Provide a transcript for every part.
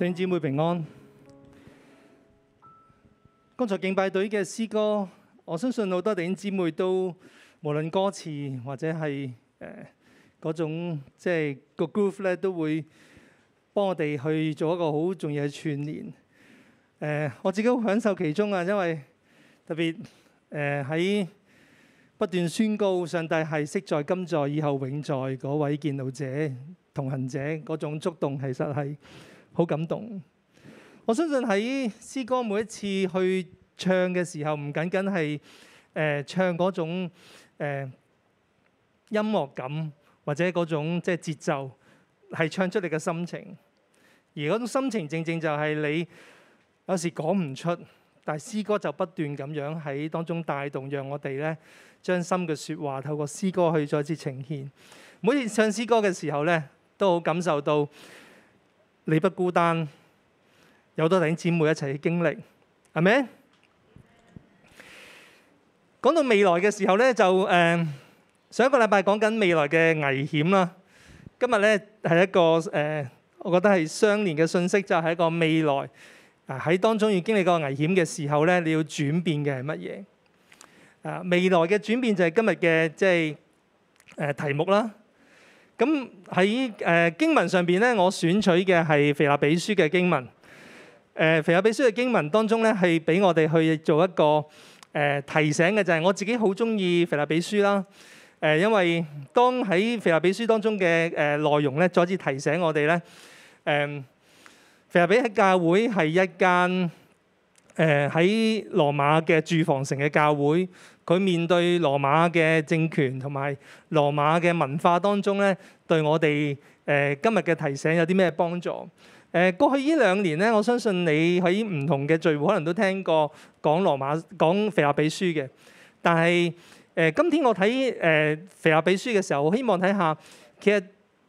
弟兄姊妹平安。剛才敬拜隊嘅詩歌，我相信好多弟兄姊妹都無論歌詞或者係誒嗰種即係個 groove 咧，都會幫我哋去做一個好重要嘅串聯。誒、呃，我自己好享受其中啊，因為特別誒喺、呃、不斷宣告上帝係昔在、今在、以後永在嗰位見到者、同行者嗰種觸動，其實係。好感動。我相信喺詩歌每一次去唱嘅時候，唔僅僅係誒、呃、唱嗰種、呃、音樂感，或者嗰種即係、就是、節奏，係唱出你嘅心情。而嗰種心情正正就係你有時講唔出，但係詩歌就不斷咁樣喺當中帶動，讓我哋咧將心嘅説話透過詩歌去再次呈現。每次唱詩歌嘅時候咧，都好感受到。你不孤單，有好多弟兄姊妹一齊去經歷，係咪？講到未來嘅時候咧，就誒、呃、上一個禮拜講緊未來嘅危險啦。今日咧係一個誒、呃，我覺得係相連嘅信息，就係、是、一個未來啊喺、呃、當中要經歷嗰個危險嘅時候咧，你要轉變嘅係乜嘢？啊、呃，未來嘅轉變就係今日嘅即係誒、呃、題目啦。咁喺誒經文上邊咧，我選取嘅係腓立比書嘅經文。誒、呃、腓立比書嘅經文當中咧，係俾我哋去做一個誒、呃、提醒嘅就係我自己好中意腓立比書啦。誒、呃、因為當喺腓立比書當中嘅誒、呃、內容咧，再次提醒我哋咧，誒、呃、腓立比教會係一間。誒喺、呃、羅馬嘅住房城嘅教會，佢面對羅馬嘅政權同埋羅馬嘅文化當中咧，對我哋誒、呃、今日嘅提醒有啲咩幫助？誒、呃、過去呢兩年咧，我相信你喺唔同嘅聚會可能都聽過講羅馬講腓立比書嘅。但係誒、呃、今天我睇誒腓立比書嘅時候，我希望睇下其實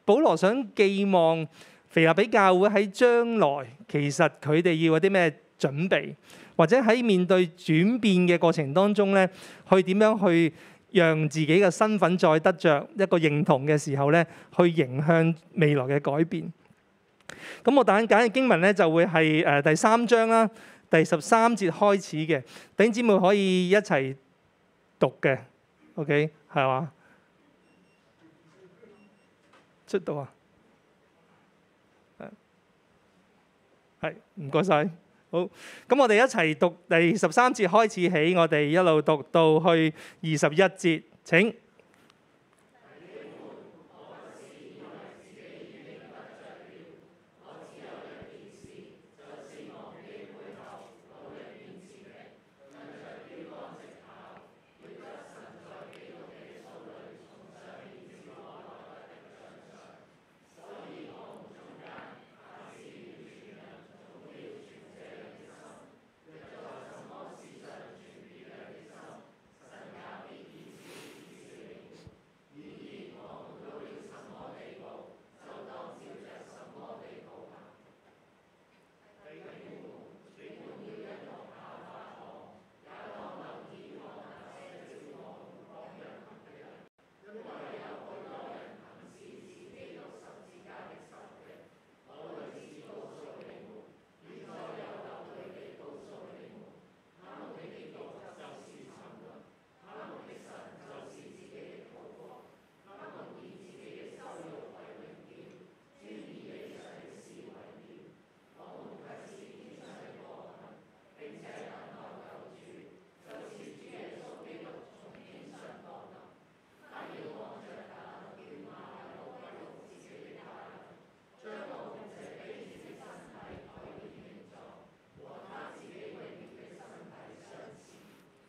保羅想寄望腓立比教會喺將來，其實佢哋要有啲咩？準備，或者喺面對轉變嘅過程當中咧，去點樣去讓自己嘅身份再得著一個認同嘅時候咧，去迎向未來嘅改變。咁我等緊揀嘅經文咧就會係誒第三章啦，第十三節開始嘅，弟兄姊妹可以一齊讀嘅，OK 係嘛？出到啊，係，唔該曬。好，咁我哋一齊讀第十三節開始起，我哋一路讀到去二十一節。請。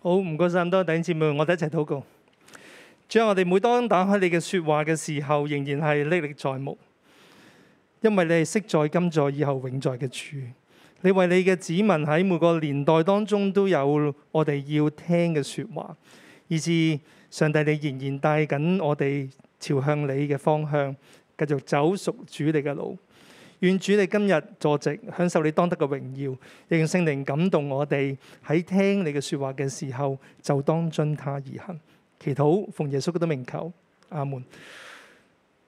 好唔該曬，多謝頂節目，我哋一齊禱告。將我哋每當打開你嘅説話嘅時候，仍然係歷歷在目，因為你係昔在、今在、以後永在嘅主。你為你嘅子民喺每個年代當中都有我哋要聽嘅説話，以至上帝，你仍然帶緊我哋朝向你嘅方向，繼續走屬主你嘅路。願主你今日坐席享受你當得嘅榮耀，讓聖靈感動我哋喺聽你嘅說話嘅時候，就當遵他而行。祈禱奉耶穌基督名求，阿門。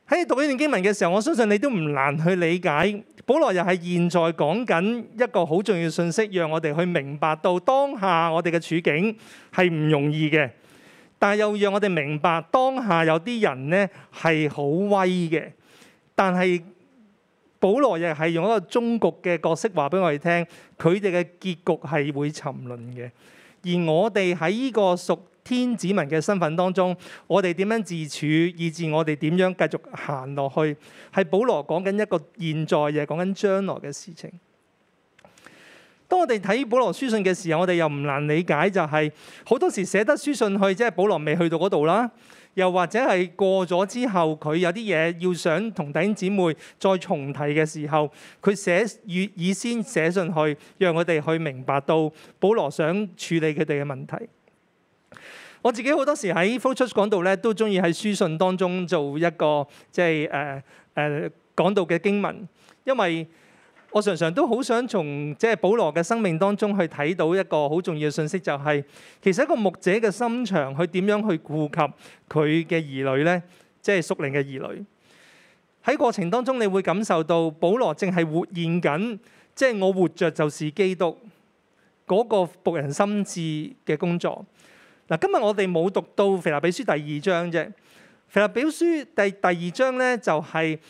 喺讀呢段經文嘅時候，我相信你都唔難去理解。保羅又係現在講緊一個好重要信息，讓我哋去明白到當下我哋嘅處境係唔容易嘅，但係又讓我哋明白當下有啲人呢係好威嘅，但係。保羅亦係用一個中國嘅角色話俾我哋聽，佢哋嘅結局係會沉淪嘅，而我哋喺呢個屬天子民嘅身份當中，我哋點樣自處，以至我哋點樣繼續行落去，係保羅講緊一個現在，亦係講緊將來嘅事情。當我哋睇保羅書信嘅時候，我哋又唔難理解，就係，就係好多時寫得書信去，即係保羅未去到嗰度啦。又或者係過咗之後，佢有啲嘢要想同弟兄姊妹再重提嘅時候，佢寫以以先寫上去，讓佢哋去明白到保羅想處理佢哋嘅問題。我自己好多時喺 flow church 講道咧，都中意喺書信當中做一個即係誒誒講道嘅經文，因為。我常常都好想從即係保羅嘅生命當中去睇到一個好重要嘅信息，就係其實一個牧者嘅心腸，佢點樣去顧及佢嘅兒女咧？即係屬靈嘅兒女喺過程當中，你會感受到保羅正係活現緊，即係我活著就是基督嗰個僕人心志嘅工作。嗱，今日我哋冇讀到腓立比書第二章啫。腓立比書第第二章咧，就係。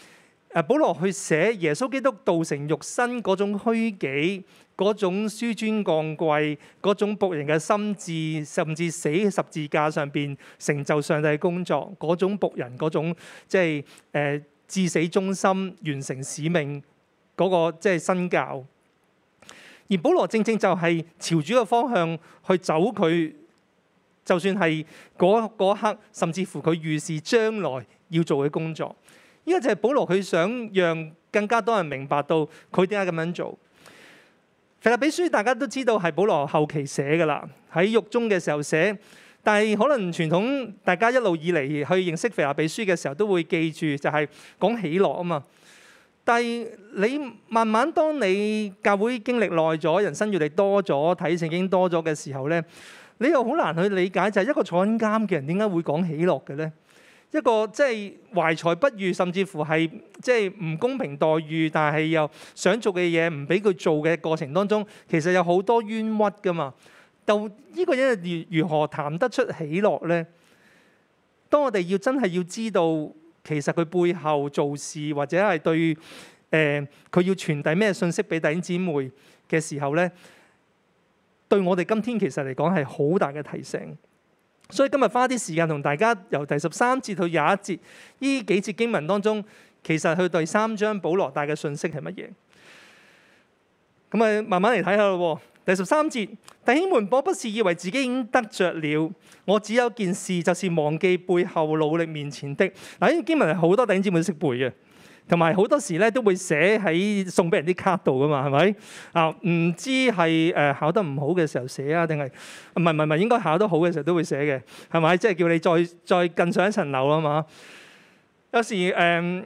保羅去寫耶穌基督道成肉身嗰種虛己、嗰種屈尊降貴、嗰種僕人嘅心志，甚至死十字架上邊成就上帝工作嗰種僕人嗰種，即係誒至死忠心完成使命嗰個即係身教。而保羅正正就係朝主嘅方向去走，佢就算係嗰刻，甚至乎佢預示將來要做嘅工作。呢個就係保羅，佢想讓更加多人明白到佢點解咁樣做。腓立比書大家都知道係保羅後期寫嘅啦，喺獄中嘅時候寫。但係可能傳統大家一路以嚟去認識腓立比書嘅時候，都會記住就係講喜樂啊嘛。但係你慢慢當你教會經歷耐咗，人生閱歷多咗，睇聖經多咗嘅時候咧，你又好難去理解就係一個坐緊監嘅人點解會講喜樂嘅咧？一個即係懷才不遇，甚至乎係即係唔公平待遇，但係又想做嘅嘢唔俾佢做嘅過程當中，其實有好多冤屈噶嘛。就呢個人如何談得出喜樂呢？當我哋要真係要知道，其實佢背後做事，或者係對誒佢、呃、要傳遞咩信息俾弟兄姊妹嘅時候呢，對我哋今天其實嚟講係好大嘅提醒。所以今日花啲時間同大家由第十三節到廿一節，依幾節經文當中，其實佢第三章保羅帶嘅信息係乜嘢？咁啊，慢慢嚟睇下咯。第十三節，弟兄們，我不是以為自己已經得着了，我只有件事，就是忘記背後，努力面前的。嗱，呢啲經文係好多弟兄姊妹都識背嘅。同埋好多時咧都會寫喺送俾人啲卡度噶嘛，係咪？啊，唔知係誒考得唔好嘅時候寫啊，定係唔係唔係應該考得好嘅時候都會寫嘅，係咪？即係叫你再再更上一層樓啊嘛！有時誒、嗯、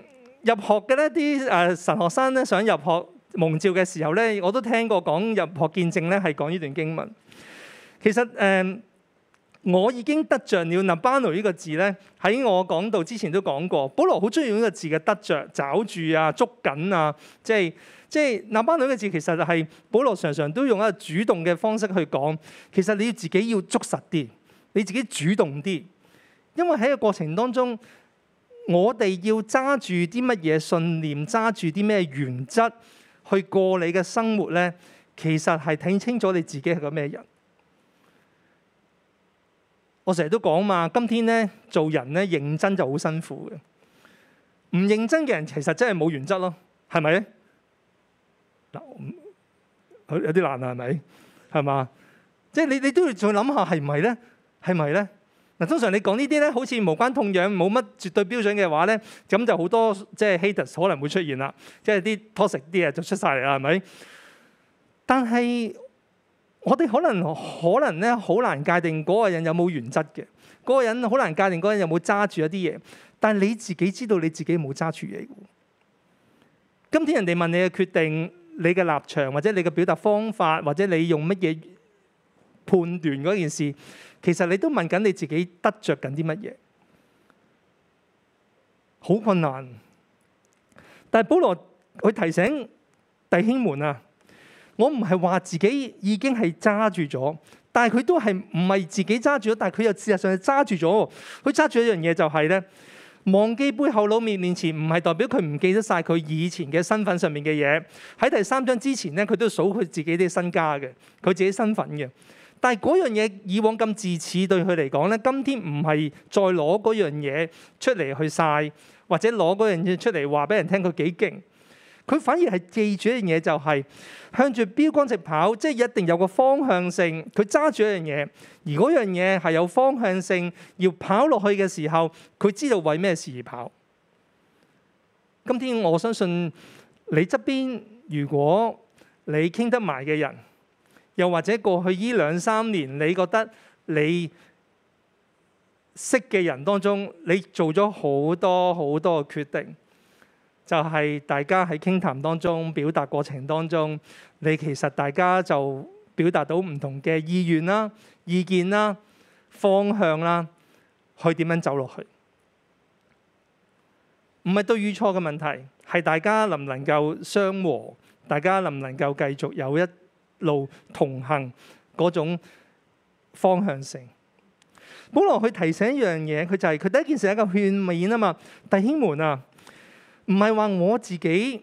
入學嘅呢啲誒神學生咧想入學蒙召嘅時候咧，我都聽過講入學見證咧係講呢段經文。其實誒。嗯我已經得着了。嗱，巴奴呢個字呢，喺我講到之前都講過。保羅好中意用呢個字嘅得着、抓住啊、捉緊啊，即係即係巴奴呢個字其實就係保羅常常都用一個主動嘅方式去講。其實你要自己要捉實啲，你自己主動啲，因為喺個過程當中，我哋要揸住啲乜嘢信念，揸住啲咩原則去過你嘅生活呢，其實係睇清楚你自己係個咩人。我成日都講嘛，今天咧做人咧認真就好辛苦嘅，唔認真嘅人其實真係冇原則咯，係咪？嗱，有啲難啦，係咪？係嘛？即係你你都要再諗下係唔係咧？係咪咧？嗱，通常你講呢啲咧，好似無關痛癢，冇乜絕對標準嘅話咧，咁就好多即係 haters 可能會出現啦，即係啲 toxic 啲嘢就出晒嚟啦，係咪？但係。我哋可能可能咧好難界定嗰個人有冇原則嘅，嗰個人好難界定嗰人有冇揸住一啲嘢。但係你自己知道你自己冇揸住嘢。今天人哋問你嘅決定、你嘅立場，或者你嘅表達方法，或者你用乜嘢判斷嗰件事，其實你都問緊你自己得着緊啲乜嘢。好困難。但係保羅佢提醒弟兄們啊。我唔係話自己已經係揸住咗，但係佢都係唔係自己揸住咗，但係佢又事實上係揸住咗。佢揸住一樣嘢就係咧，忘記背後，努力面前，唔係代表佢唔記得晒佢以前嘅身份上面嘅嘢。喺第三章之前咧，佢都數佢自己啲身家嘅，佢自己身份嘅。但係嗰樣嘢以往咁自恃對佢嚟講咧，今天唔係再攞嗰樣嘢出嚟去晒，或者攞嗰樣嘢出嚟話俾人聽佢幾勁。佢反而係記住一樣嘢，就係向住標杆直跑，即係一定有個方向性。佢揸住一樣嘢，而嗰樣嘢係有方向性。要跑落去嘅時候，佢知道為咩事而跑。今天我相信你側邊，如果你傾得埋嘅人，又或者過去呢兩三年，你覺得你識嘅人當中，你做咗好多好多嘅決定。就係大家喺傾談，談當中、表達過程當中，你其實大家就表達到唔同嘅意願啦、意見啦、方向啦，去點樣走落去？唔係對與錯嘅問題，係大家能唔能夠相和？大家能唔能夠繼續有一路同行嗰種方向性？保羅去提醒一樣嘢，佢就係、係、佢第一件事係一個勸勉啊嘛，弟兄們啊！唔係話我自己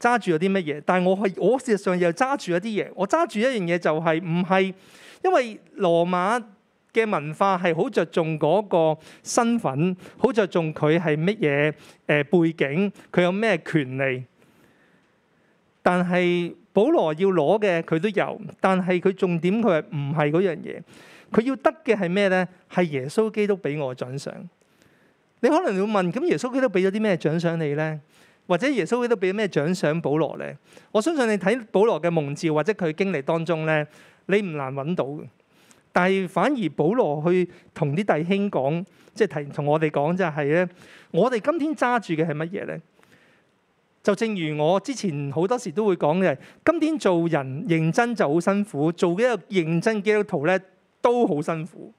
揸住咗啲乜嘢，但係我係我事實上又揸住一啲嘢。我揸住一樣嘢就係唔係因為羅馬嘅文化係好着重嗰個身份，好着重佢係乜嘢誒背景，佢有咩權利？但係保羅要攞嘅佢都有，但係佢重點佢係唔係嗰樣嘢，佢要得嘅係咩咧？係耶穌基督俾我嘅獎賞。你可能會問：咁耶穌基督俾咗啲咩獎賞你咧？或者耶穌基督俾咗咩獎賞保羅咧？我相信你睇保羅嘅蒙召或者佢經歷當中咧，你唔難揾到嘅。但係反而保羅去同啲弟兄講，即係提同我哋講就係咧，我哋今天揸住嘅係乜嘢咧？就正如我之前好多時都會講嘅，今天做人認真就好辛苦，做嘅一個認真基督徒咧都好辛苦。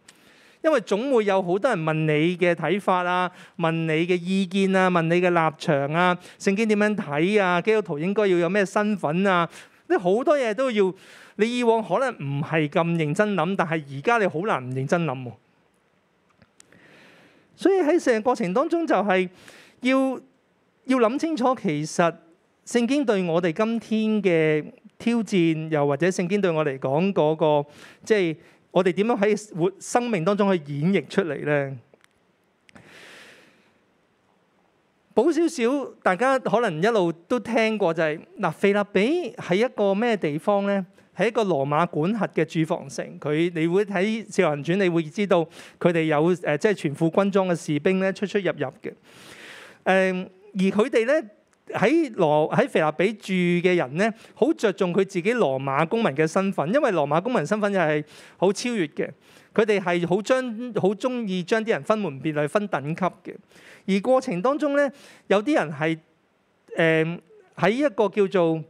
因為總會有好多人問你嘅睇法啊，問你嘅意見啊，問你嘅立場啊，聖經點樣睇啊？基督徒應該要有咩身份啊？啲好多嘢都要你以往可能唔係咁認真諗，但係而家你好難唔認真諗喎，啊。所以喺成個過程當中就，就係要要諗清楚，其實聖經對我哋今天嘅挑戰，又或者聖經對我嚟講嗰個即係。我哋點樣喺活生命當中去演繹出嚟咧？補少少，大家可能一路都聽過就係、是、嗱，腓立比喺一個咩地方咧？喺一個羅馬管轄嘅駐防城，佢你會睇《少經》傳，你會知道佢哋有誒，即、呃、係、就是、全副軍裝嘅士兵咧出出入入嘅。誒、呃，而佢哋咧。喺羅喺腓立比住嘅人咧，好着重佢自己羅馬公民嘅身份，因為羅馬公民身份又係好超越嘅。佢哋係好將好中意將啲人分門別類，分等級嘅。而過程當中咧，有啲人係誒喺一個叫做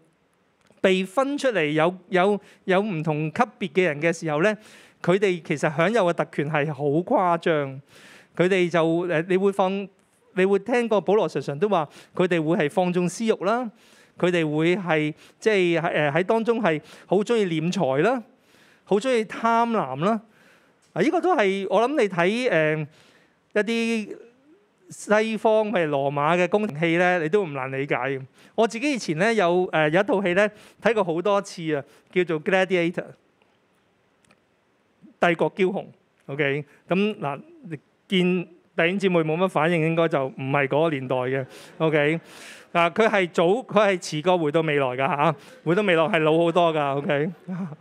被分出嚟有有有唔同級別嘅人嘅時候咧，佢哋其實享有嘅特權係好誇張，佢哋就誒你會放。你會聽過保羅常常都話佢哋會係放縱私慾啦，佢哋會係即係喺誒喺當中係好中意斂財啦，好中意貪婪啦。啊，依、這個都係我諗你睇誒、呃、一啲西方譬如羅馬嘅宮廷戲咧，你都唔難理解嘅。我自己以前咧有誒、呃、有一套戲咧睇過好多次啊，叫做《Gladiator》帝國驕雄。OK，咁嗱見。弟兄姊妹冇乜反應，應該就唔係嗰個年代嘅。OK，啊，佢係早，佢係遲過回到未來㗎嚇、啊，回到未來係老好多㗎。OK，、啊、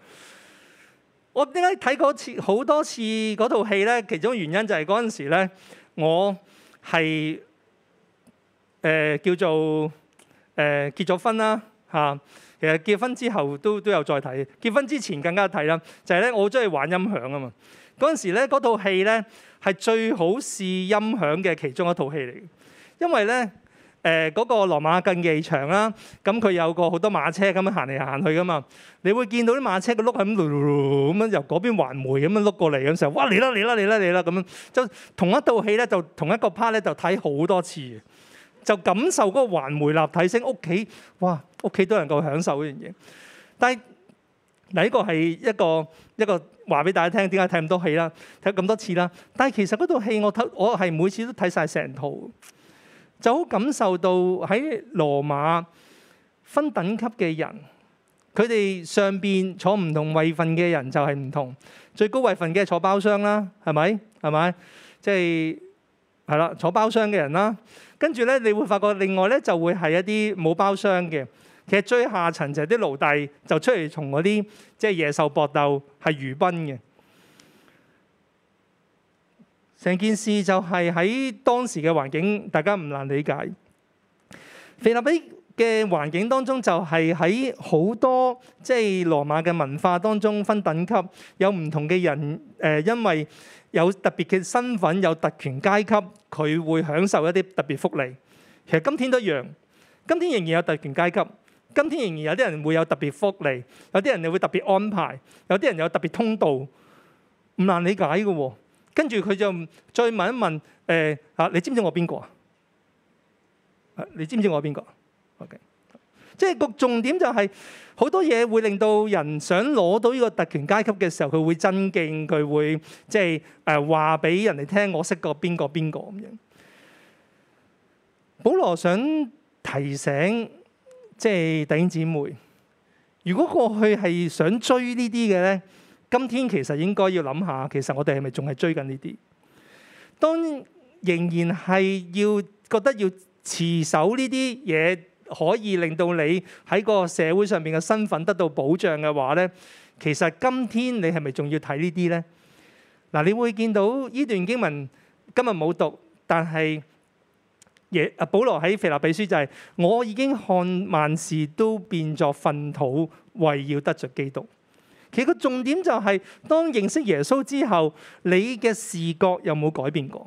我點解睇次好多次嗰套戲咧？其中原因就係嗰陣時咧，我係誒、呃、叫做誒、呃、結咗婚啦嚇、啊。其實結婚之後都有都有再睇，結婚之前更加睇啦。就係、是、咧，我好中意玩音響啊嘛。嗰陣時咧，嗰套戲咧，係最好試音響嘅其中一套戲嚟嘅，因為咧，誒、呃、嗰、那個羅馬競技場啦，咁佢有個好多馬車咁樣行嚟行去噶嘛，你會見到啲馬車個轆喺咁度咁樣由嗰邊環迴咁樣碌過嚟嘅時候，哇，嚟啦嚟啦嚟啦嚟啦咁樣，就同一套戲咧，就同一個 part 咧，就睇好多次，就感受嗰個環迴立體聲。屋企，哇屋企都能夠享受嗰樣嘢，但係第一個係一個一個。一個話俾大家聽，點解睇咁多戲啦？睇咁多次啦，但係其實嗰套戲我睇，我係每次都睇晒成套，就好感受到喺羅馬分等級嘅人，佢哋上邊坐唔同位份嘅人就係唔同，最高位份嘅係坐包廂啦，係咪？係咪？即係係啦，坐包廂嘅人啦，跟住咧你會發覺另外咧就會係一啲冇包廂嘅。其實最下層就係啲奴隸，就出嚟同嗰啲即係野獸搏鬥係娛賓嘅。成件事就係喺當時嘅環境，大家唔難理解。腓立比嘅環境當中就係喺好多即係、就是、羅馬嘅文化當中分等級，有唔同嘅人誒、呃，因為有特別嘅身份有特權階級，佢會享受一啲特別福利。其實今天都一樣，今天仍然有特權階級。今天仍然有啲人會有特別福利，有啲人你會特別安排，有啲人有特別通道，唔難理解嘅、哦。跟住佢就再問一問，誒、呃、嚇，你知唔知我邊個啊？你知唔知我邊個？O K，即係個重點就係、是、好多嘢會令到人想攞到呢個特權階級嘅時候，佢會尊敬，佢會即係誒話俾人哋聽，我識個邊個邊個咁樣。保羅想提醒。即係弟兄姊妹，如果過去係想追呢啲嘅咧，今天其實應該要諗下，其實我哋係咪仲係追緊呢啲？當仍然係要覺得要持守呢啲嘢，可以令到你喺個社會上面嘅身份得到保障嘅話咧，其實今天你係咪仲要睇呢啲咧？嗱，你會見到呢段經文今日冇讀，但係。耶保羅喺腓立比書就係、是、我已經看萬事都變作糞土，為要得着基督。其實個重點就係、是、當認識耶穌之後，你嘅視覺有冇改變過？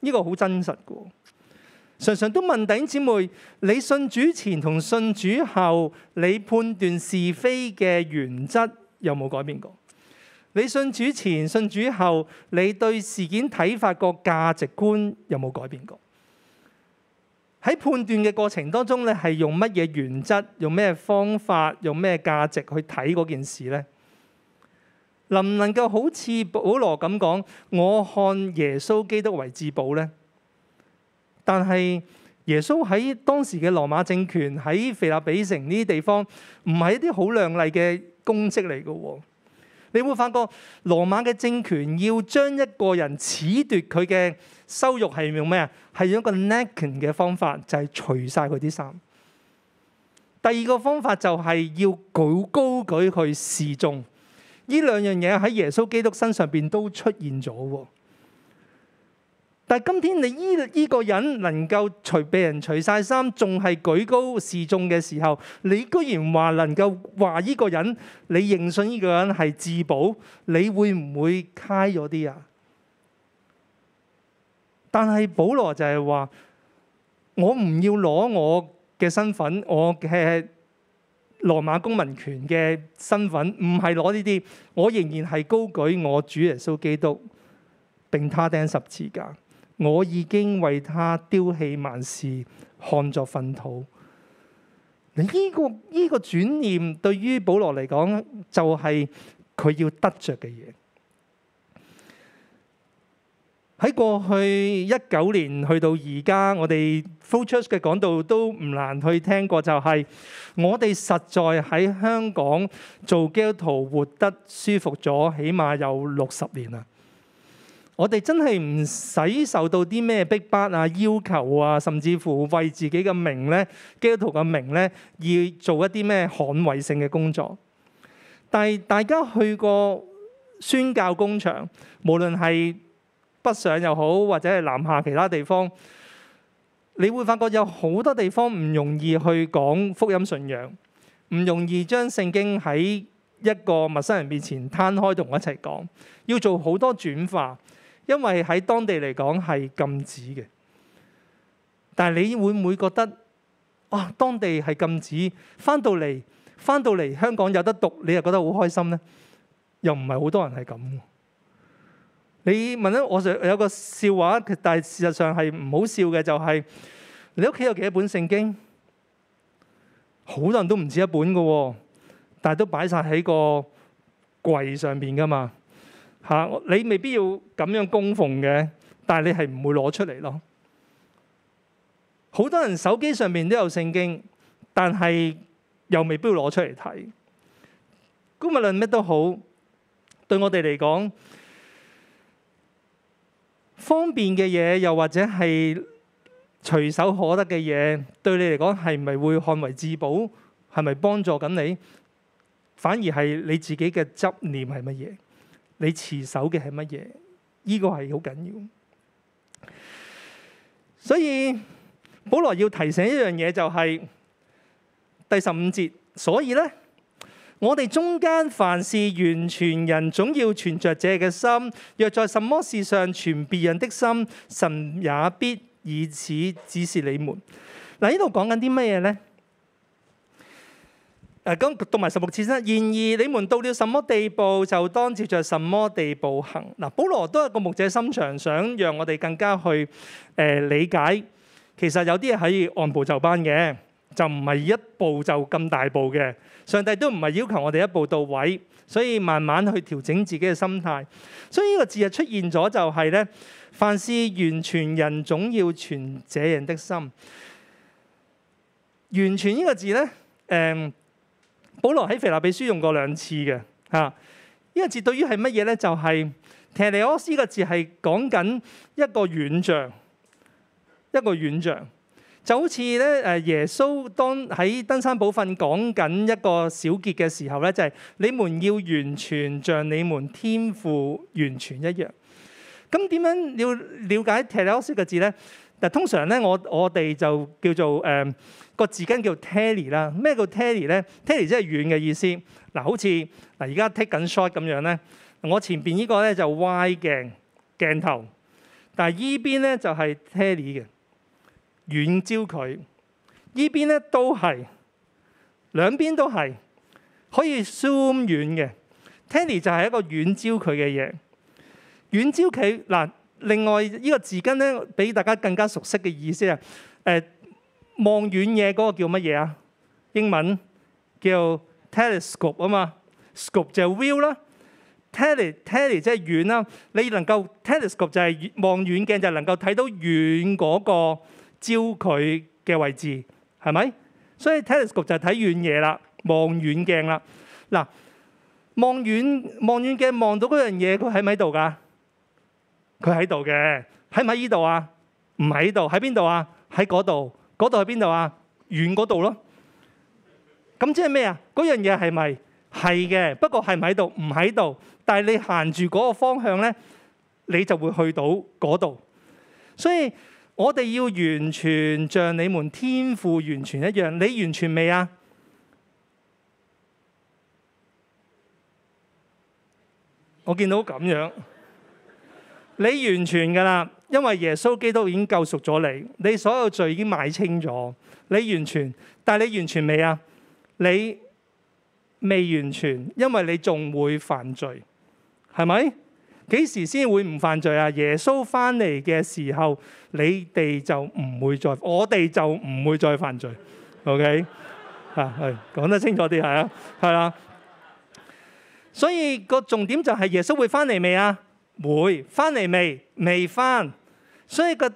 呢個好真實噶。常常都問弟兄姐妹：你信主前同信主後，你判斷是非嘅原則有冇改變過？你信主前、信主後，你對事件睇法個價值觀有冇改變過？喺判斷嘅過程當中你係用乜嘢原則、用咩方法、用咩價值去睇嗰件事呢？能唔能夠好似保羅咁講？我看耶穌基督為至寶呢，但係耶穌喺當時嘅羅馬政權、喺腓立比城呢啲地方，唔係一啲好亮麗嘅功績嚟嘅喎。你會發覺羅馬嘅政權要將一個人褫奪佢嘅收入係用咩啊？係用一個 naked 嘅方法，就係除晒佢啲衫。第二個方法就係要舉高，高舉去示眾。呢兩樣嘢喺耶穌基督身上邊都出現咗。但今天，你依呢個人能夠除被人除晒衫，仲係舉高示眾嘅時候，你居然話能夠話依個人，你認信呢個人係自保，你會唔會 high 咗啲啊？但係保羅就係話：我唔要攞我嘅身份，我嘅羅馬公民權嘅身份，唔係攞呢啲，我仍然係高舉我主耶穌基督，並他釘十字架。我已經為他丟棄萬事，看作糞土。你、這、依個依、這個轉念，對於保羅嚟講，就係、是、佢要得着嘅嘢。喺過去一九年去到而家，我哋 future 嘅講道都唔難去聽過，就係、是、我哋實在喺香港做基督徒活得舒服咗，起碼有六十年啦。我哋真係唔使受到啲咩逼迫啊、要求啊，甚至乎為自己嘅名咧、基督徒嘅名咧，要做一啲咩捍衞性嘅工作。但係大家去過宣教工場，無論係北上又好，或者係南下其他地方，你會發覺有好多地方唔容易去講福音信仰，唔容易將聖經喺一個陌生人面前攤開同我一齊講，要做好多轉化。因為喺當地嚟講係禁止嘅，但係你會唔會覺得啊，當地係禁止，翻到嚟，翻到嚟香港有得讀，你又覺得好開心咧？又唔係好多人係咁。你問咧，我就有個笑話，但係事實上係唔好笑嘅，就係，你屋企有幾多本聖經？好多人都唔止一本㗎喎，但係都擺晒喺個櫃上邊噶嘛。嚇！你未必要咁樣供奉嘅，但係你係唔會攞出嚟咯。好多人手機上面都有聖經，但係又未必要攞出嚟睇。咁無論咩都好，對我哋嚟講，方便嘅嘢又或者係隨手可得嘅嘢，對你嚟講係咪會看為至寶？係咪幫助緊你？反而係你自己嘅執念係乜嘢？你持守嘅係乜嘢？呢、這個係好緊要，所以保羅要提醒一樣嘢就係、是、第十五節。所以呢，我哋中間凡是完全人，總要存著這嘅心；若在什麼事上存別人的心，神也必以此指示你們。嗱，呢度講緊啲乜嘢呢？誒咁讀埋十六次啦，然而你們到了什麼地步，就當接著什麼地步行。嗱，保羅都係個牧者心腸，想讓我哋更加去誒理解，其實有啲嘢係按部就班嘅，就唔係一步就咁大步嘅。上帝都唔係要求我哋一步到位，所以慢慢去調整自己嘅心態。所以呢個字又出現咗，就係咧，凡事完全人總要存這樣的心。完全呢個字咧，誒。保羅喺腓立比書用過兩次嘅，吓、啊、呢、這個字對於係乜嘢咧？就係、是、提尼奧斯呢個字係講緊一個軟象。一個軟象就好似咧誒耶穌當喺登山寶訓講緊一個小結嘅時候咧，就係、是、你們要完全像你們天父完全一樣。咁點樣要了解提尼奧斯個字咧？嗱，但通常咧，我我哋就叫做誒、呃、個字根叫 tele 啦。咩叫 tele 咧？tele 即係遠嘅意思。嗱，好似嗱而家 take 緊 shot 咁樣咧，我前邊呢個咧就 Y 鏡鏡頭，但係依邊咧就係 tele 嘅遠焦距。依邊咧都係兩邊都係可以 zoom 遠嘅 tele 就係一個遠焦距嘅嘢。遠焦距嗱。另外呢個字根咧，畀大家更加熟悉嘅意思啊，誒、呃、望遠嘢嗰個叫乜嘢啊？英文叫 telescope 啊嘛，scope 就 view 啦，tele-tele 即係遠啦，你能夠 telescope 就係望遠鏡，就係能夠睇到遠嗰個焦距嘅位置，係咪？所以 telescope 就係睇遠嘢啦，望遠鏡啦。嗱，望遠望遠，望遠鏡望到嗰樣嘢，佢喺咪度㗎？佢喺度嘅，喺唔喺依度啊？唔喺度，喺邊度啊？喺嗰度，嗰度係邊度啊？遠嗰度咯。咁即係咩啊？嗰樣嘢係咪係嘅？不過係唔喺度？唔喺度。但係你行住嗰個方向咧，你就會去到嗰度。所以我哋要完全像你們天父完全一樣，你完全未啊？我見到咁樣。你完全噶啦，因為耶穌基督已經救贖咗你，你所有罪已經買清咗，你完全。但係你完全未啊？你未完全，因為你仲會犯罪，係咪？幾時先會唔犯罪啊？耶穌翻嚟嘅時候，你哋就唔會再，我哋就唔會再犯罪。OK，吓係、 啊、講得清楚啲係啊，係啦、啊。所以、個重點就係耶穌會翻嚟未啊？會翻嚟未？未翻，所以個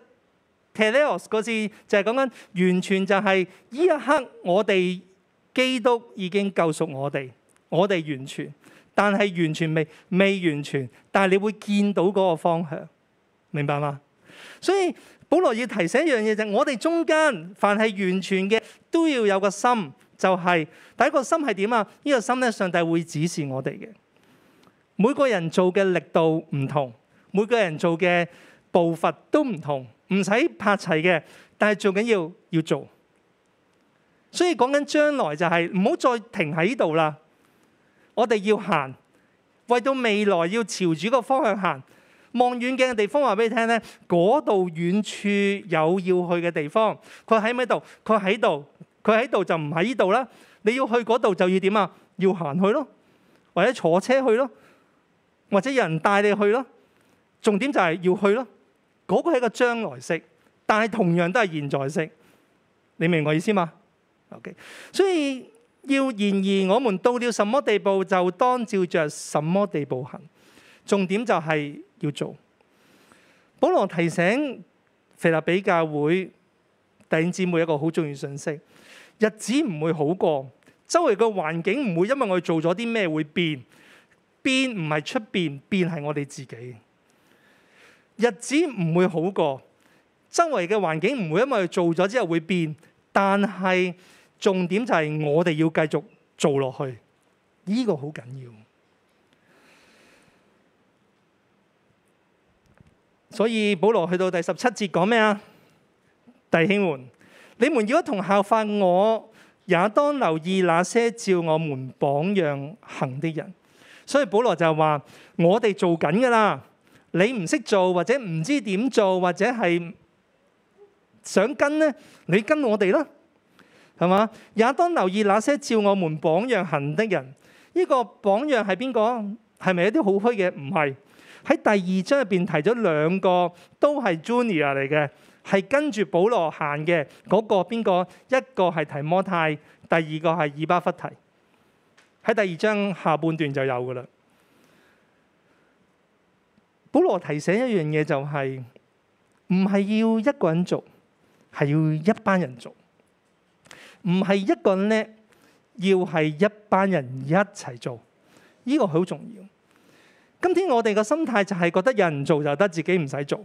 teleios 嗰字就係講緊完全就係、是、呢一刻我哋基督已經救贖我哋，我哋完全，但係完全未，未完全，但係你會見到嗰個方向，明白嗎？所以保羅要提醒一樣嘢就係、是、我哋中間凡係完全嘅都要有個心，就係、是、第一個心係點啊？呢、這個心咧，上帝會指示我哋嘅。每個人做嘅力度唔同，每個人做嘅步伐都唔同，唔使拍齊嘅，但係最緊要要做。所以講緊將來就係唔好再停喺呢度啦。我哋要行，為到未來要朝住個方向行。望遠鏡嘅地方話俾你聽咧，嗰度遠處有要去嘅地方。佢喺咪度？佢喺度，佢喺度就唔喺呢度啦。你要去嗰度就要點啊？要行去咯，或者坐車去咯。或者有人帶你去咯，重點就係要去咯。嗰、那個係個將來式，但係同樣都係現在式。你明我意思嘛？OK，所以要然而，我們到了什麼地步，就當照着什麼地步行。重點就係要做。保羅提醒腓立比教會弟兄姊妹一個好重要訊息：日子唔會好過，周圍嘅環境唔會因為我哋做咗啲咩會變。變唔係出面，變係我哋自己。日子唔會好過，周圍嘅環境唔會因為做咗之後會變，但係重點就係我哋要繼續做落去，呢個好緊要。所以保羅去到第十七節講咩啊？弟兄們，你們要一同效法我，也當留意那些照我們榜樣行的人。所以保羅就係話：我哋做緊嘅啦，你唔識做或者唔知點做或者係想跟咧，你跟我哋啦，係嘛？也當留意那些照我們榜樣行的人。呢個榜樣係邊個？係咪一啲好虛嘅？唔係。喺第二章入邊提咗兩個，都係 junior 嚟嘅，係跟住保羅行嘅嗰個邊個？一個係提摩太，第二個係以巴弗提。喺第二章下半段就有噶啦。保羅提醒一樣嘢、就是，就係唔係要一個人做，係要一班人做。唔係一個人叻，要係一班人一齊做。呢、呢個好重要。今天我哋嘅心態就係覺得有人做就得，自己唔使做。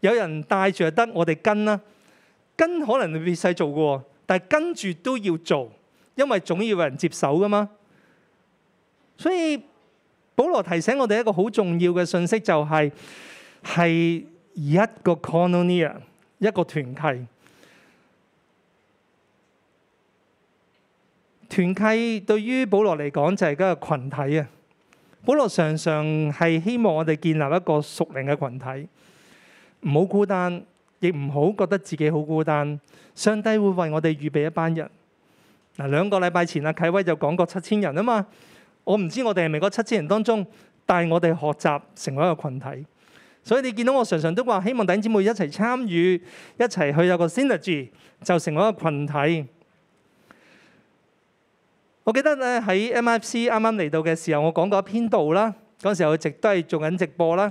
有人帶住就得，我哋跟啦。跟可能會細做嘅，但係跟住都要做，因為總要有人接手噶嘛。所以，保羅提醒我哋一個好重要嘅信息，就是，就係係一個 koinonia 一個團契。團契對於保羅嚟講就係嗰個羣體啊。保羅常常係希望我哋建立一個熟齡嘅群體，唔好孤單，亦唔好覺得自己好孤單。上帝會為我哋預備一班人嗱。兩個禮拜前阿啟威就講過七千人啊嘛。我唔知我哋係咪嗰七千人當中，但係我哋學習成為一個羣體，所以你見到我常常都話希望弟兄姊妹一齊參與，一齊去有個 synergy，就成為一個羣體。我記得咧喺 MFC 啱啱嚟到嘅時候，我講過一篇道啦，嗰時候直都係做緊直播啦，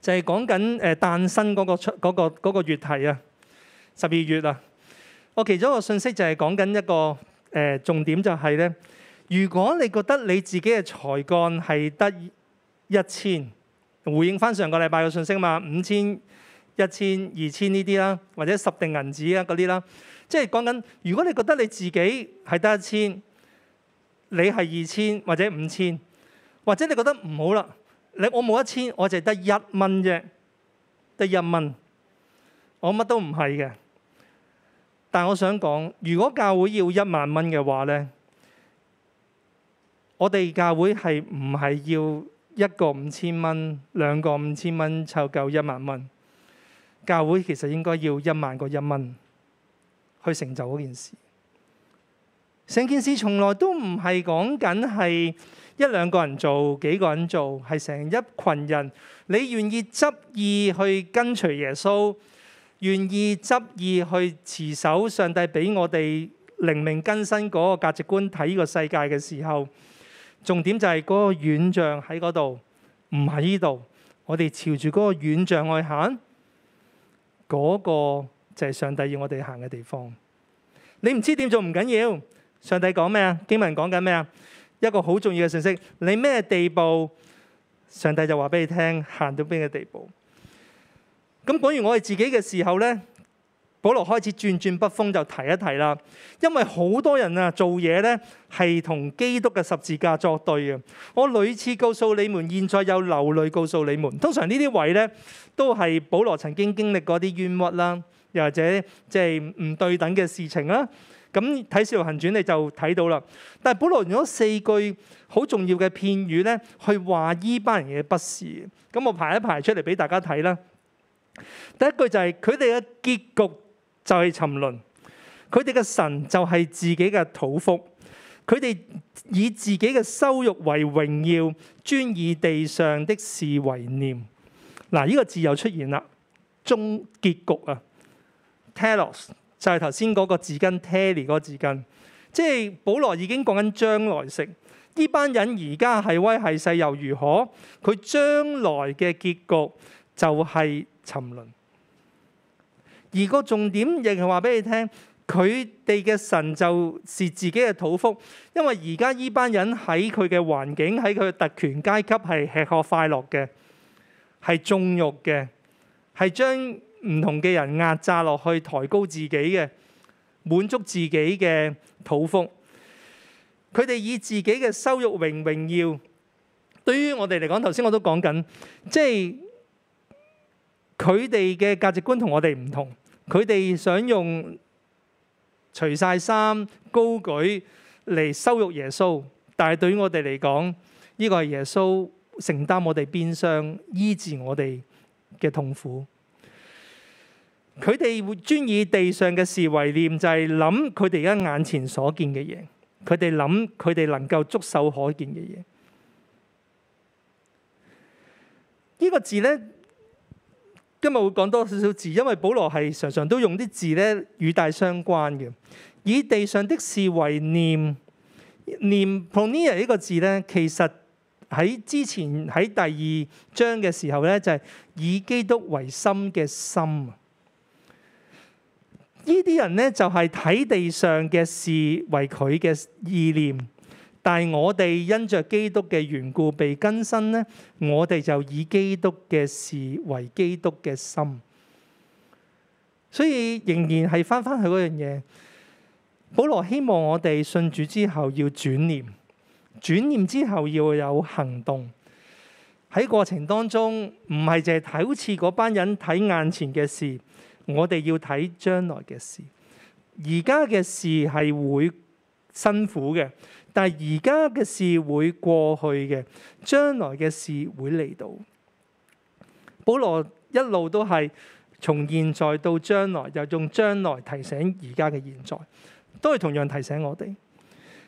就係講緊誒誕生嗰個出嗰個嗰個月題啊，十二月啊。我其中一個信息就係講緊一個誒重點，就係咧。如果你覺得你自己嘅才幹係得一千，回應翻上個禮拜嘅信息嘛，五千、一千、二千呢啲啦，或者十定銀紙啊嗰啲啦，即係講緊。如果你覺得你自己係得一千，你係二千或者五千，或者你覺得唔好啦，你我冇一千，我就係得一蚊啫，得一蚊，我乜都唔係嘅。但係我想講，如果教會要一萬蚊嘅話咧？我哋教會係唔係要一個五千蚊、兩個五千蚊湊夠一萬蚊？教會其實應該要一萬個一蚊去成就嗰件事。成件事從來都唔係講緊係一兩個人做、幾個人做，係成一群人。你願意執意去跟隨耶穌，願意執意去持守上帝俾我哋靈命更新嗰個價值觀，睇呢個世界嘅時候。重點就係嗰個異象喺嗰度，唔喺呢度。我哋朝住嗰個異象去行，嗰、嗰個就係上帝要我哋行嘅地方。你唔知點做唔緊要，上帝講咩啊？經文講緊咩啊？一個好重要嘅信息，你咩地步，上帝就話俾你聽，行到邊嘅地步。咁講完我哋自己嘅時候咧。保羅開始轉轉北風，就提一提啦，因為好多人啊做嘢咧係同基督嘅十字架作對嘅。我屢次告訴你們，現在又流淚告訴你們。通常呢啲位咧都係保羅曾經經歷過啲冤屈啦，又或者即係唔對等嘅事情啦。咁睇《使徒行傳》你就睇到啦。但係保羅用咗四句好重要嘅片語咧去話依班人嘅不是。咁我排一排出嚟俾大家睇啦。第一句就係佢哋嘅結局。就係沉淪，佢哋嘅神就係自己嘅肚腹，佢哋以自己嘅羞辱為榮耀，專以地上的事為念。嗱，呢個字又出現啦，終結局啊，Telos，就係頭先嗰個字根，teli 嗰個字根，即係保羅已經講緊將來性。呢班人而家係威係勢又如何？佢將來嘅結局就係沉淪。而個重點亦係話俾你聽，佢哋嘅神就是自己嘅肚腹，因為而家呢班人喺佢嘅環境，喺佢嘅特權階級係吃喝快樂嘅，係縱欲嘅，係將唔同嘅人壓榨落去，抬高自己嘅，滿足自己嘅肚腹。佢哋以自己嘅羞辱為榮耀。對於我哋嚟講，頭先我都講緊，即係佢哋嘅價值觀同我哋唔同。佢哋想用除晒衫高舉嚟羞辱耶穌，但係對於我哋嚟講，呢個係耶穌承擔我哋鞭傷、醫治我哋嘅痛苦。佢哋會專以地上嘅事為念，就係諗佢哋而家眼前所見嘅嘢，佢哋諗佢哋能夠觸手可見嘅嘢。呢、這個字咧。今日會講多少少字，因為保羅係常常都用啲字咧，語帶相關嘅，以地上的事為念念 Ponia 呢個字咧，其實喺之前喺第二章嘅時候咧，就係、是、以基督為心嘅心。呢啲人咧就係、是、睇地上嘅事為佢嘅意念，但係我哋因着基督嘅緣故被更新咧，我哋就以基督嘅事為基督嘅心，所以仍然係翻翻去嗰樣嘢。保羅希望我哋信主之後要轉念，轉念之後要有行動。喺過程當中唔係淨係睇好似嗰班人睇眼前嘅事，我哋要睇將來嘅事。而家嘅事係會辛苦嘅。但係而家嘅事會過去嘅，將來嘅事會嚟到。保羅一路都係從現在到將來，又用將來提醒而家嘅現在，都係同樣提醒我哋。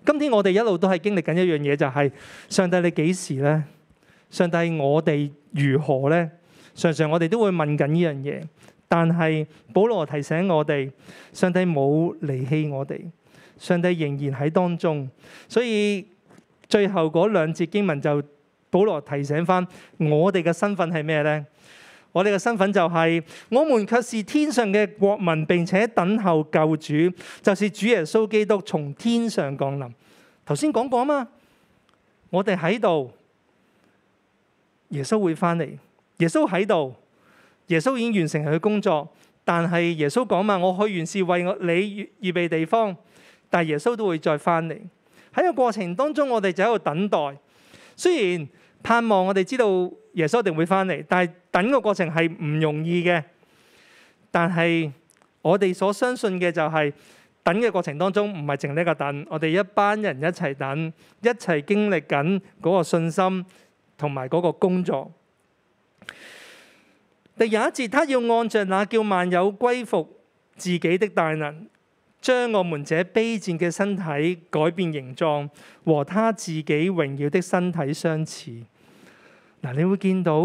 今天我哋一路都係經歷緊一樣嘢，就係上帝你幾時呢？上帝我哋如何呢？常常我哋都會問緊呢樣嘢，但係保羅提醒我哋，上帝冇離棄我哋。上帝仍然喺當中，所以最後嗰兩節經文就保羅提醒翻我哋嘅身份係咩呢？我哋嘅身份就係、是、我們卻是天上嘅國民，並且等候救主，就是主耶穌基督從天上降臨。頭先講過啊嘛，我哋喺度，耶穌會翻嚟，耶穌喺度，耶穌已經完成佢嘅工作，但係耶穌講嘛，我可以完事為我你預備地方。但耶穌都會再翻嚟，喺個過程當中，我哋就喺度等待。雖然盼望我哋知道耶穌一定會翻嚟，但係等個過程係唔容易嘅。但係我哋所相信嘅就係、是、等嘅過程當中，唔係淨呢個等，我哋一班人一齊等，一齊經歷緊嗰個信心同埋嗰個工作。第二十一節，他要按著那叫萬有歸服自己的大能，將我們這卑賤嘅身體改變形狀，和他自己榮耀的身體相似。嗱，你會見到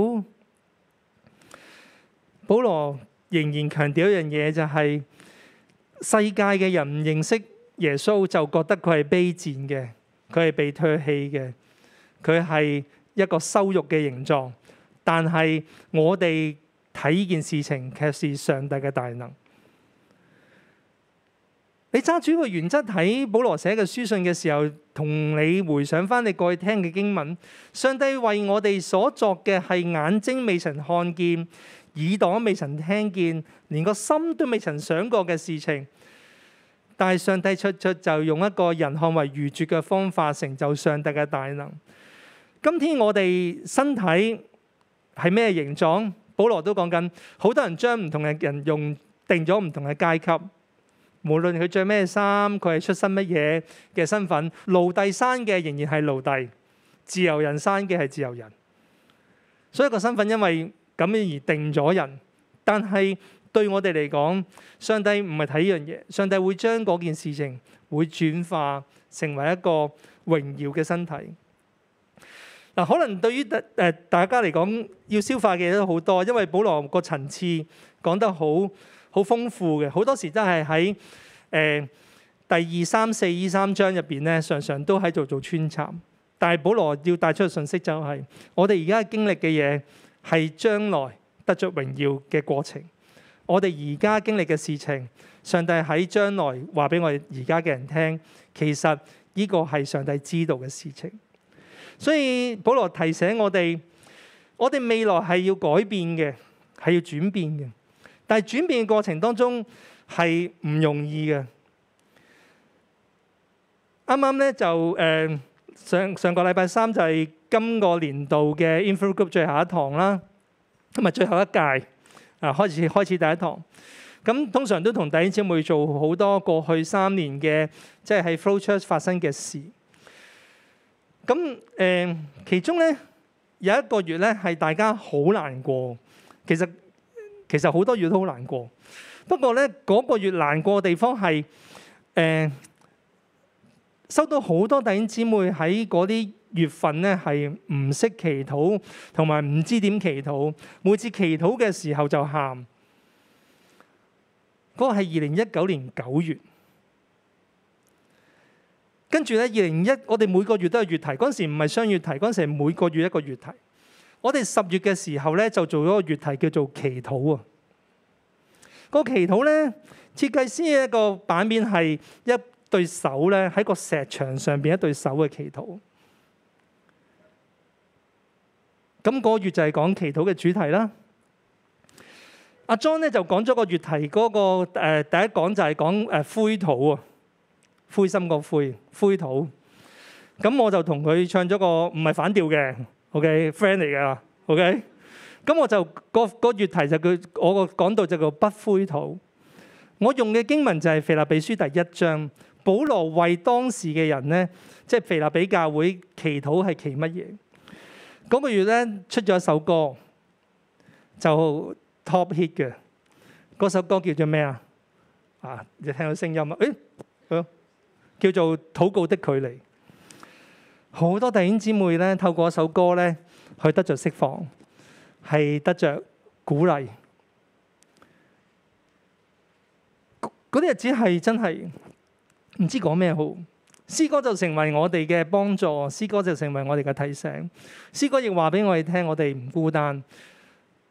保羅仍然強調一樣嘢，就係世界嘅人唔認識耶穌，就覺得佢係卑賤嘅，佢係被唾棄嘅，佢係一個羞辱嘅形狀。但係我哋睇呢件事情，其實是上帝嘅大能。你揸住呢個原則喺保羅寫嘅書信嘅時候，同你回想翻你過去聽嘅經文，上帝為我哋所作嘅係眼睛未曾看見、耳朵未曾聽見、連個心都未曾想過嘅事情。但係上帝出出就用一個人看為愚拙嘅方法成就上帝嘅大能。今天我哋身體係咩形狀？保羅都講緊，好多人將唔同嘅人用定咗唔同嘅階級，無論佢着咩衫，佢係出身乜嘢嘅身份，奴隸生嘅仍然係奴隸，自由人生嘅係自由人。所以個身份因為咁樣而定咗人，但係對我哋嚟講，上帝唔係睇呢樣嘢，上帝會將嗰件事情會轉化成為一個榮耀嘅身體。嗱，可能對於誒大家嚟講要消化嘅嘢都好多，因為保羅個層次講得好。好豐富嘅，好多時都係喺誒第二三四二、三章入邊咧，常常都喺度做穿插。但係保羅要帶出嘅信息就係、是，我哋而家經歷嘅嘢係將來得着榮耀嘅過程。我哋而家經歷嘅事情，上帝喺將來話俾我哋而家嘅人聽，其實呢個係上帝知道嘅事情。所以保羅提醒我哋，我哋未來係要改變嘅，係要轉變嘅。但係轉變過程當中係唔容易嘅。啱啱咧就誒、呃、上上個禮拜三就係今個年度嘅 Inflow Group 最後一堂啦，咁咪最後一屆啊，開始開始第一堂。咁通常都同弟兄姐妹做好多過去三年嘅即係喺 Flow Church 發生嘅事。咁誒、呃、其中咧有一個月咧係大家好難過，其實。其實好多月都好難過，不過咧嗰、那個月難過嘅地方係誒、呃、收到好多弟兄姊妹喺嗰啲月份咧係唔識祈禱，同埋唔知點祈禱，每次祈禱嘅時候就喊。嗰、那個係二零一九年九月，跟住咧二零一，我哋每個月都有月題，嗰陣時唔係雙月題，嗰陣時係每個月一個月題。我哋十月嘅時候咧，就做咗個月題叫做祈禱啊。個祈禱咧，設計師一個版面係一對手咧，喺個石牆上邊一對手嘅祈禱。咁、嗰個月就係講祈禱嘅主題啦。阿 John 咧就講咗個月題嗰、嗰個、呃、第一講就係講誒灰土啊，灰心個灰，灰土。咁我就同佢唱咗個唔係反調嘅。OK，friendly 㗎，OK。咁我就個個月題就佢我個講到就叫不灰土。我用嘅經文就係腓立比書第一章。保羅為當時嘅人咧，即係腓立比教會祈禱係祈乜嘢？嗰個月咧出咗一首歌，就 top hit 嘅。嗰首歌叫做咩啊？啊，你聽到聲音嘛？誒，叫做《禱告的距離》。好多弟兄姊妹咧，透過一首歌咧，去得着釋放，係得着鼓勵。嗰啲日子係真係唔知講咩好。詩歌就成為我哋嘅幫助，詩歌就成為我哋嘅提醒。詩歌亦話俾我哋聽，我哋唔孤單，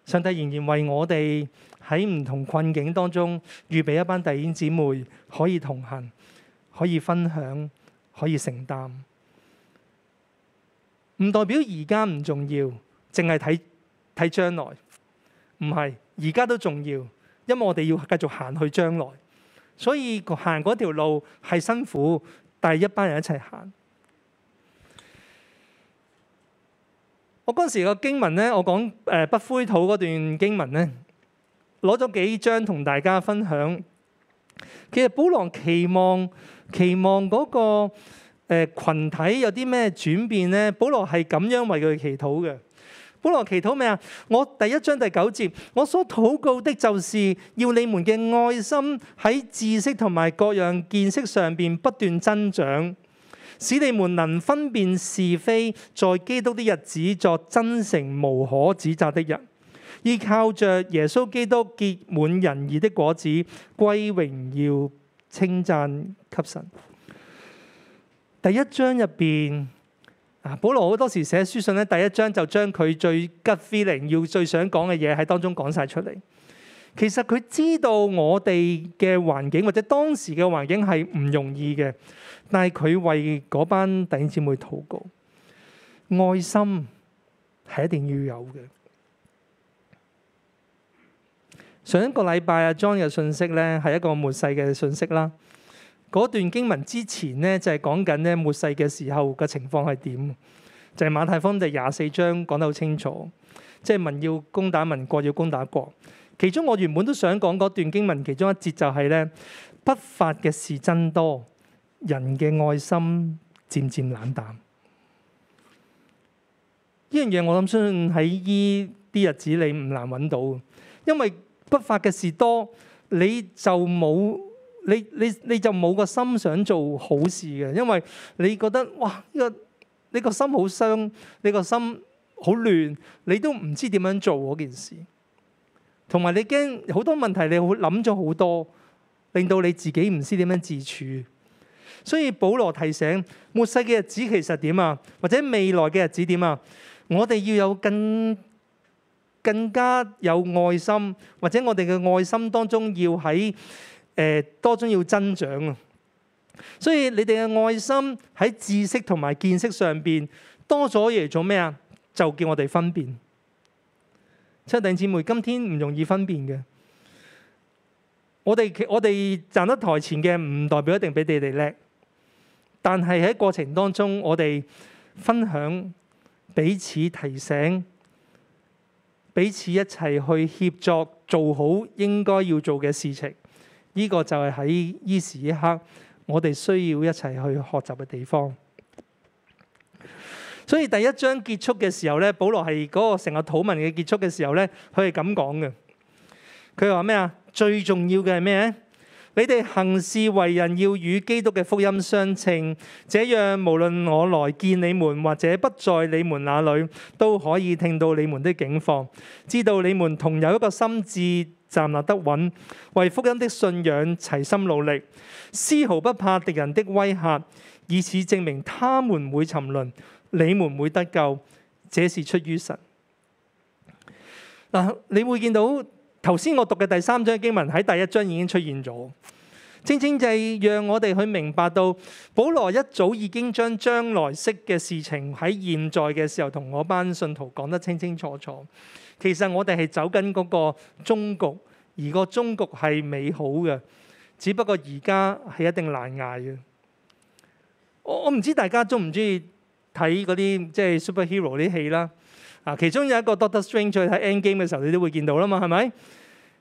上帝仍然為我哋喺唔同困境當中預備一班弟兄姊妹可以同行，可以分享，可以承擔。唔代表而家唔重要，淨係睇睇將來，唔係而家都重要，因為我哋要繼續行去將來，所以行嗰條路係辛苦，但係一班人一齊行。我嗰時個經文咧，我講誒不灰土嗰段經文咧，攞咗幾張同大家分享，其實保羅期望期望嗰、那個。呃、群羣體有啲咩轉變呢？保羅係咁樣為佢祈禱嘅。保羅祈禱咩啊？我第一章第九節，我所禱告的就是要你們嘅愛心喺知識同埋各樣見識上邊不斷增長，使你們能分辨是非，在基督的日子作真誠無可指責的人，依靠着耶穌基督結滿仁義的果子，歸榮耀稱讚給神。第一章入邊，啊，保羅好多時寫書信咧，第一章就將佢最 gut feeling，要最想講嘅嘢喺當中講晒出嚟。其實佢知道我哋嘅環境或者當時嘅環境係唔容易嘅，但係佢為嗰班弟兄姊妹禱告，愛心係一定要有嘅。上一個禮拜阿 John 嘅信息咧，係一個末世嘅信息啦。嗰段經文之前咧，就係講緊咧末世嘅時候嘅情況係點？就係馬太福音第廿四章講得好清楚，即係民要攻打民，國要攻打國。其中我原本都想講嗰段經文其中一節就係咧，不法嘅事真多，人嘅愛心漸漸冷淡。呢樣嘢我諗相信喺依啲日子你唔難揾到，因為不法嘅事多，你就冇。你你你就冇個心想做好事嘅，因為你覺得哇呢個你個心好傷，你個心好亂，你都唔知點樣做嗰件事。同埋你驚好多問題，你會諗咗好多，令到你自己唔知點樣自處。所以保羅提醒末世嘅日子其實點啊，或者未來嘅日子點啊，我哋要有更更加有愛心，或者我哋嘅愛心當中要喺。誒多種要增長啊，所以你哋嘅愛心喺知識同埋見識上邊多咗嘢，做咩啊？就叫我哋分辨。弟兄姊妹，今天唔容易分辨嘅，我哋我哋站得台前嘅唔代表一定比你哋叻，但係喺過程當中，我哋分享彼此提醒，彼此一齊去協助做好應該要做嘅事情。呢個就係喺依時一刻，我哋需要一齊去學習嘅地方。所以第一章結束嘅時候咧，保羅係嗰個成個土文嘅結束嘅時候咧，佢係咁講嘅。佢話咩啊？最重要嘅係咩？你哋行事為人要與基督嘅福音相稱，這樣無論我來見你們，或者不在你們那裏，都可以聽到你們的景況，知道你們同有一個心志。」站立得穩，為福音的信仰齊心努力，絲毫不怕敵人的威嚇，以此證明他們會沉淪，你們會得救，這是出於神。嗱、嗯，你會見到頭先我讀嘅第三章嘅經文喺第一章已經出現咗，正正就係讓我哋去明白到保羅一早已經將將來式嘅事情喺現在嘅時候同我班信徒講得清清楚楚。其實我哋係走緊嗰個終局，而個終局係美好嘅，只不過而家係一定難捱嘅。我我唔知大家鍾唔鍾意睇嗰啲即係 superhero 啲戲啦。啊，其中有一個 Doctor Strange 喺睇 End Game 嘅時候，你都會見到啦嘛，係咪？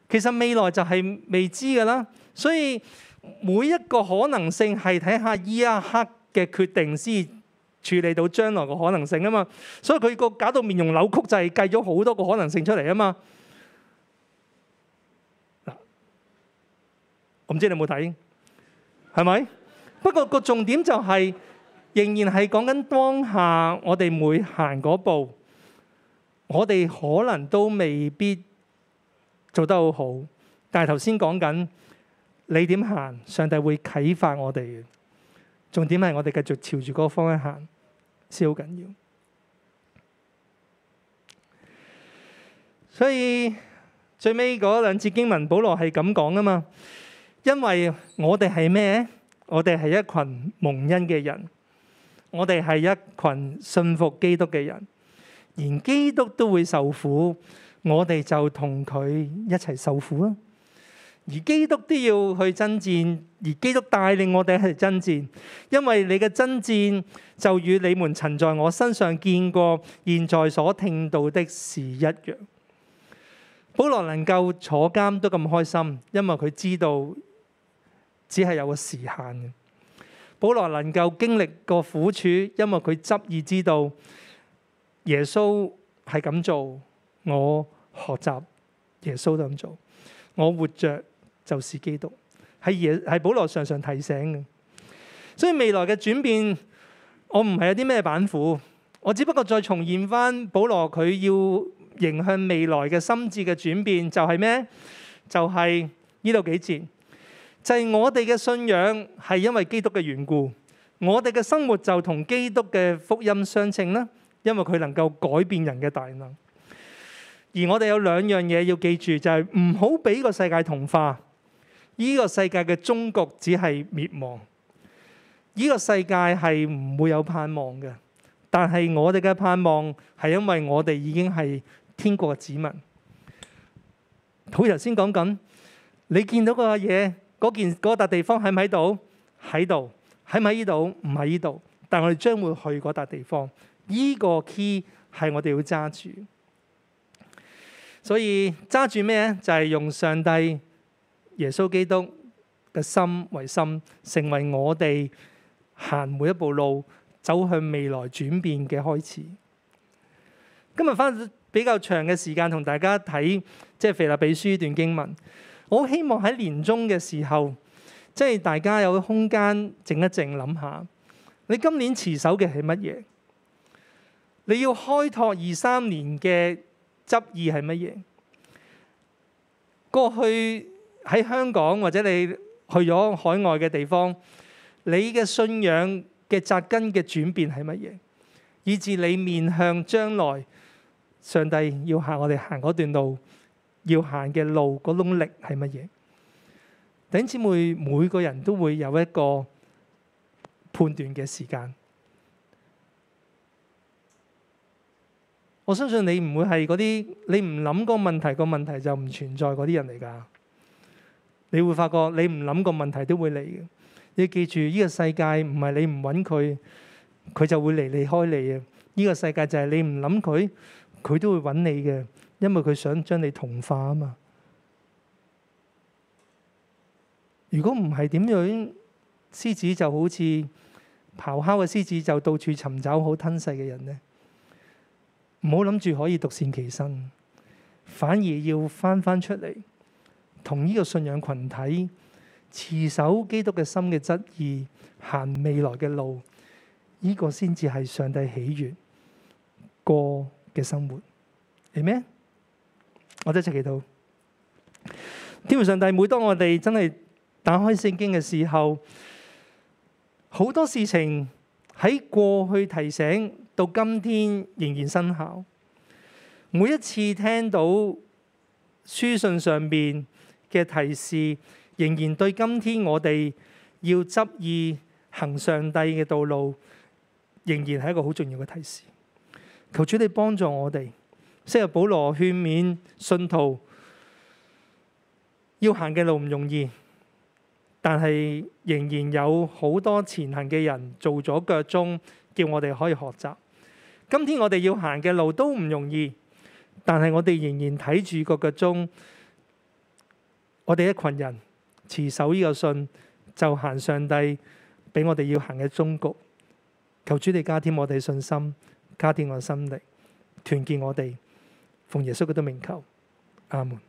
其實未來就係未知嘅啦，所以每一個可能性係睇下依一刻嘅決定先。處理到將來個可能性啊嘛，所以佢個搞到面容扭曲就係計咗好多個可能性出嚟啊嘛。嗱，我唔知你有冇睇，係咪？不過個重點就係仍然係講緊當下，我哋每行嗰步，我哋可能都未必做得好好，但係頭先講緊你點行，上帝會啟發我哋嘅。重點係我哋繼續朝住嗰個方向行。是好緊要，所以最尾嗰兩次經文，保羅係咁講啊嘛，因為我哋係咩？我哋係一群蒙恩嘅人，我哋係一群信服基督嘅人，連基督都會受苦，我哋就同佢一齊受苦啊！而基督都要去爭戰，而基督帶領我哋去爭戰，因為你嘅爭戰就與你們曾在我身上見過、現在所聽到的事一樣。保羅能夠坐監都咁開心，因為佢知道只係有個時限。保羅能夠經歷過苦處，因為佢執意知道耶穌係咁做，我學習耶穌咁做，我活着。就是基督，係耶係保羅常常提醒嘅。所以未來嘅轉變，我唔係有啲咩板斧，我只不過再重現翻保羅佢要迎向未來嘅心智嘅轉變，就係咩？就係呢度幾節，就係我哋嘅信仰係因為基督嘅緣故，我哋嘅生活就同基督嘅福音相稱啦。因為佢能夠改變人嘅大能。而我哋有兩樣嘢要記住，就係唔好俾個世界同化。呢個世界嘅終局只係滅亡，呢個世界係唔會有盼望嘅。但係我哋嘅盼望係因為我哋已經係天國嘅子民。好，頭先講緊，你見到個嘢，嗰件嗰笪地方喺唔喺度？喺度，喺唔喺依度？唔喺依度。但係我哋將會去嗰笪地方。呢個 key 係我哋要揸住。所以揸住咩就係用上帝。耶穌基督嘅心為心，成為我哋行每一步路走向未來轉變嘅開始。今日翻比較長嘅時間同大家睇，即係腓立比書呢段經文。我好希望喺年終嘅時候，即係大家有空間靜一靜想想，諗下你今年持守嘅係乜嘢？你要開拓二三年嘅執意係乜嘢？過去。喺香港或者你去咗海外嘅地方，你嘅信仰嘅扎根嘅轉變係乜嘢？以致你面向將來上帝要行我哋行嗰段路，要行嘅路嗰種力係乜嘢？弟兄姊妹，每個人都會有一個判斷嘅時間。我相信你唔會係嗰啲你唔諗個問題、個問題就唔存在嗰啲人嚟噶。你會發覺你唔諗個問題都會嚟嘅。你記住，呢個世界唔係你唔揾佢，佢就會離離開你嘅。呢個世界就係你唔諗佢，佢都會揾你嘅，因為佢想將你同化啊嘛。如果唔係點樣，獅子就好似咆哮嘅獅子，就到處尋找好吞噬嘅人呢。唔好諗住可以獨善其身，反而要翻翻出嚟。同呢個信仰群體持守基督嘅心嘅質疑，行未來嘅路，呢、這個先至係上帝喜悦過嘅生活，係咩？我哋一齊祈禱，天父上帝，每當我哋真係打開聖經嘅時候，好多事情喺過去提醒到今天仍然生效。每一次聽到書信上邊。嘅提示仍然對今天我哋要執意行上帝嘅道路，仍然係一個好重要嘅提示。求主你幫助我哋。昔日保羅勸勉信徒要行嘅路唔容易，但係仍然有好多前行嘅人做咗腳蹤，叫我哋可以學習。今天我哋要行嘅路都唔容易，但係我哋仍然睇住個腳蹤。我哋一群人持守呢個信，就行上帝俾我哋要行嘅終局。求主你加添我哋信心，加添我嘅心力，團結我哋，奉耶穌基督名求，阿門。